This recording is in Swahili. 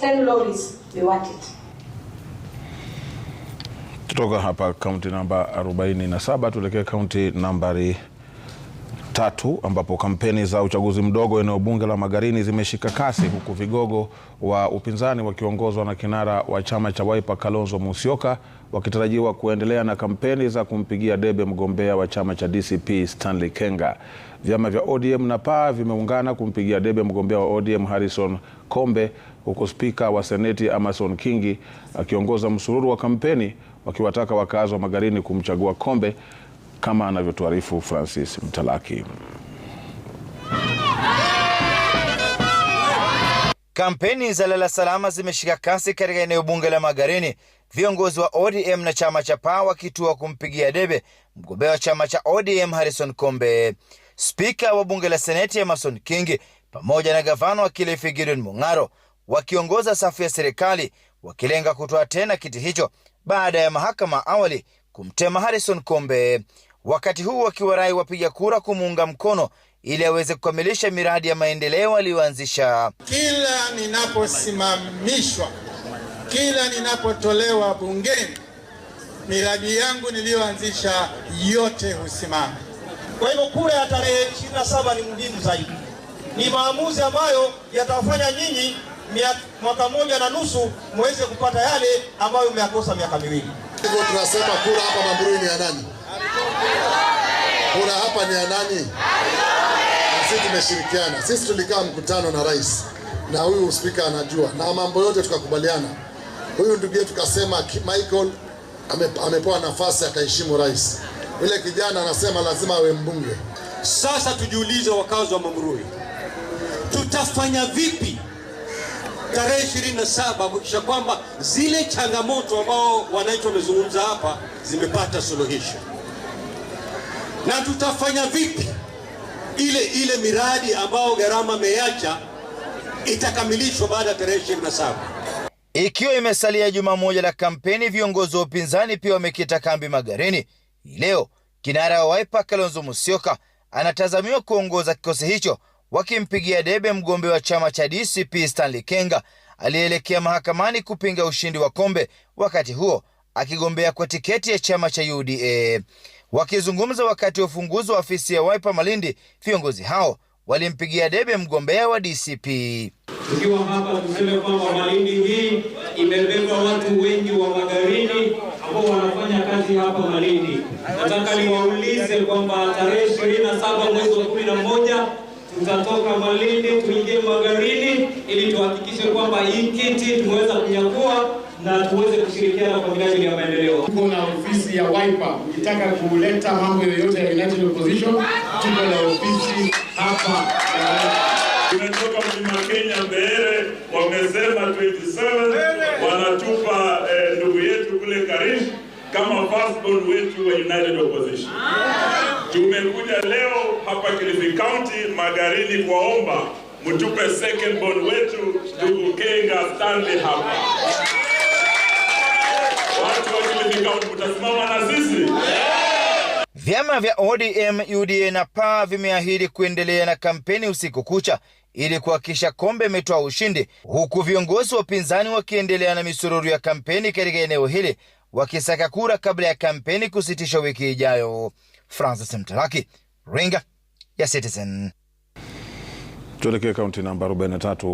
Ten lorries, they want it. Tutoka hapa kaunti namba 47 tuelekee kaunti nambari tatu ambapo kampeni za uchaguzi mdogo eneo bunge la Magarini zimeshika kasi huku vigogo wa upinzani wakiongozwa na kinara wa chama cha waipa Kalonzo Musyoka wakitarajiwa kuendelea na kampeni za kumpigia debe mgombea wa chama cha DCP Stanley Kenga. Vyama vya ODM na PAA vimeungana kumpigia debe mgombea wa ODM Harrison Kombe huku spika wa seneti Amason Kingi akiongoza msururu wa kampeni wakiwataka wakazi wa Magarini kumchagua Kombe kama anavyotuarifu Francis Mtalaki. Kampeni za lala salama zimeshika kasi katika eneo bunge la Magarini, viongozi wa ODM na chama cha PAA wakitua kumpigia debe mgombea wa chama cha ODM Harrison Kombe. Spika wa bunge la seneti Amason Kingi pamoja na gavana wa Kilifi Gideon Mung'aro wakiongoza safu ya serikali wakilenga kutoa tena kiti hicho baada ya mahakama awali kumtema Harrison Kombe, wakati huu wakiwarai wapiga kura kumuunga mkono ili aweze kukamilisha miradi ya maendeleo aliyoanzisha. Kila ninaposimamishwa, kila ninapotolewa bungeni, miradi yangu niliyoanzisha yote husimama. Kwa hivyo kura ya tarehe 27 ni muhimu zaidi, ni maamuzi ambayo yatafanya nyinyi mwaka mmoja na nusu muweze kupata yale ambayo mmeyakosa miaka miwili. Hivyo tunasema kura hapa Mambrui ni ya nani? Kura hapa ni ya nani? Na sisi tumeshirikiana, sisi tulikaa mkutano na rais na huyu spika anajua, na mambo yote tukakubaliana. Huyu ndugu yetu kasema Michael ame, amepewa nafasi akaheshimu rais. Yule kijana anasema lazima awe mbunge. Sasa tujiulize, wakazi wa Mambrui, tutafanya vipi tarehe ishirini na saba kuhakikisha kwamba zile changamoto ambao wananchi wamezungumza hapa zimepata suluhisho, na tutafanya vipi ile ile miradi ambayo gharama ameacha itakamilishwa baada ya tarehe ishirini na saba. Ikiwa imesalia juma moja la kampeni, viongozi wa upinzani pia wamekita kambi Magarini leo. Kinara wa Wiper Kalonzo Musyoka anatazamiwa kuongoza kikosi hicho wakimpigia debe mgombe wa chama cha DCP Stanley Kenga aliyeelekea mahakamani kupinga ushindi wa Kombe wakati huo akigombea kwa tiketi ya chama cha UDA. Wakizungumza wakati wa ufunguzi wa ofisi ya Wiper Malindi, viongozi hao walimpigia debe mgombea wa DCP. Tukiwa hapa tuseme kwamba Malindi hii imebeba watu wengi wa Magarini ambao wanafanya kazi hapa Malindi. Nataka niwaulize kwamba tarehe 27 mwezi wa 11 tutatoka Malindi tuingie Magarini ili tuhakikishe kwamba hii kiti tumeweza kunyakua na tuweze kushirikiana kwa minajili ya maendeleo. Tuko na ofisi ya Wiper, ukitaka kuleta mambo yoyote ya United Opposition, tuko na ofisi hapa. Tumetoka mlima Kenya Mbeere, wamesema 27 wanatupa eh, ndugu yetu kule Karish kama firstborn wetu wa United Opposition. Tumekuja leo hapa Kilifi County Magarini kuwaomba mtupe second born wetu ndugu Kenga Stanley hapa. Watu wa Kilifi County mtasimama na sisi. Vyama vya ODM, UDA na PA vimeahidi kuendelea na kampeni usiku kucha ili kuhakikisha kombe imetoa ushindi, huku viongozi wa upinzani wakiendelea na misururu ya kampeni katika eneo hili wakisaka kura kabla ya kampeni kusitisha wiki ijayo. Francis Mtaraki, ringa ya Citizen. Tuelekee kaunti namba 43.